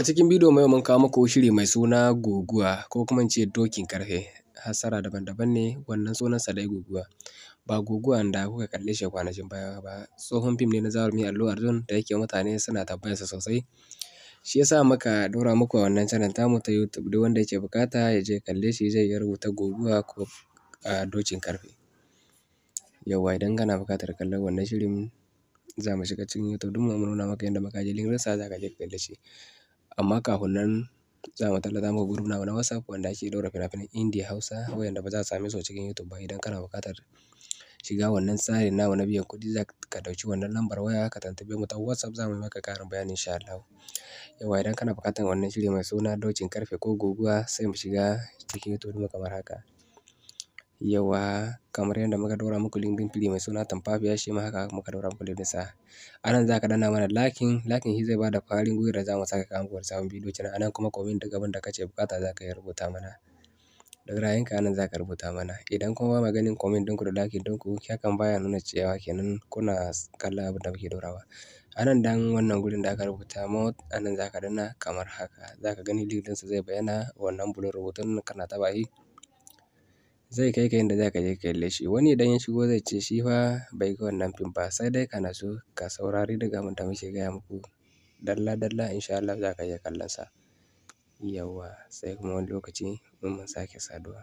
A cikin bidiyo mai mun kawo muku shiri mai suna guguwa ko kuma in ce dokin karfe. hasara daban-daban ne wannan sunan-sa dai guguwa. Ba guguwa da kuka kalle shi kwanakin baya ba. Tsohon fim ne na Zarumi Allo Arjun da yake mutane suna sa sosai. Shi yasa muka ɗora muku a wannan channel tamu ta YouTube duk wanda yake bukata ya je kalle shi zai iya rubuta guguwa ko dokin karfe. yawa idan kana buƙatar kallon wannan shirin za mu shiga cikin YouTube ɗin mu nuna maka yadda muka je link ɗinsa za ka je ka kalle shi. Amma kafin nan za mu tallata muku group namu na WhatsApp wanda ake ɗora fina-finan Indiya, Hausa wayanda ba za a same su cikin YouTube ba. Idan kana buƙatar shiga wannan tsarin namu na biyan kuɗi za ka ɗauki wannan lambar waya ka tantabe mu ta WhatsApp za mu maka ƙarin bayani insha Allahu. idan kana buƙatar wannan shiri mai suna dokin ƙarfe ko guguwa sai mu shiga cikin YouTube kamar haka. Yauwa. kamar yadda muka daura muku link din fili mai suna Tamfafiya shi ma haka muka daura muku link din sa. A nan za ka danna mana lakin lakin shi zai ba da kwarin gwiwa da za mu saka kanku da sabon bidiyo kenan a kuma comment duk abin da kace bukata za ka iya rubuta mana. duk ra'ayinka a nan za ka rubuta mana. Idan kuma ba ma ganin comment ɗinku da lakin ɗinku hakan baya nuna cewa kenan kuna kallon abin da muke daurawa. anan nan dan wannan gurin da aka rubuta mode a nan za ka danna kamar haka za ka gani link sa zai bayyana wannan bulon rubutun kana taɓa yi. zai kai ka inda za ka je ka kalle shi. Wani idan ya shigo zai ce shi fa bai ga wannan fim ba sai dai kana so ka saurari duk abin da muke gaya muku dalla dalla in sha Allah za ka iya sa, yawwa sai kuma wani lokaci in mun sake saduwa.